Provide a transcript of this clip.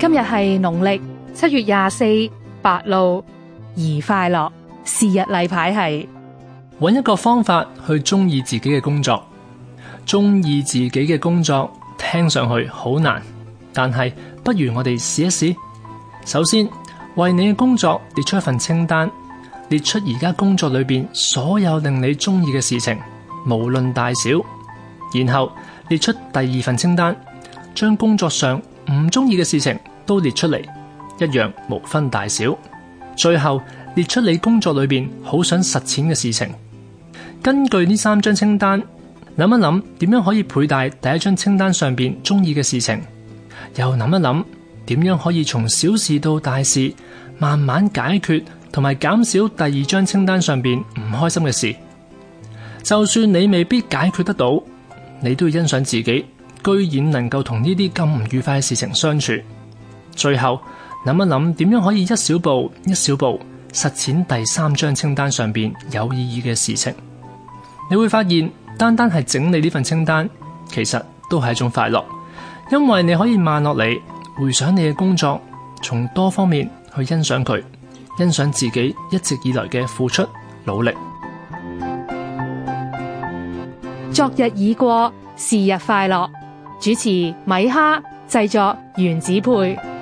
今日係農曆七月廿四，白露，宜快樂。是日例牌係，搵一個方法去中意自己嘅工作，中意自己嘅工作聽上去好難，但係不如我哋試一試。首先，為你嘅工作列出一份清單，列出而家工作裏邊所有令你中意嘅事情，無論大小。然後列出第二份清單，將工作上唔中意嘅事情都列出嚟，一樣無分大小。最後列出你工作裏邊好想實踐嘅事情。根據呢三張清單，諗一諗點樣可以倍大第一張清單上邊中意嘅事情，又諗一諗。點樣可以從小事到大事慢慢解決，同埋減少第二張清單上邊唔開心嘅事。就算你未必解決得到，你都要欣賞自己，居然能夠同呢啲咁唔愉快嘅事情相處。最後，諗一諗點樣可以一小步一小步實踐第三張清單上邊有意義嘅事情。你會發現，單單係整理呢份清單，其實都係一種快樂，因為你可以慢落嚟。回想你嘅工作，從多方面去欣賞佢，欣賞自己一直以來嘅付出努力。昨日已過，是日快樂。主持米哈，製作原子配。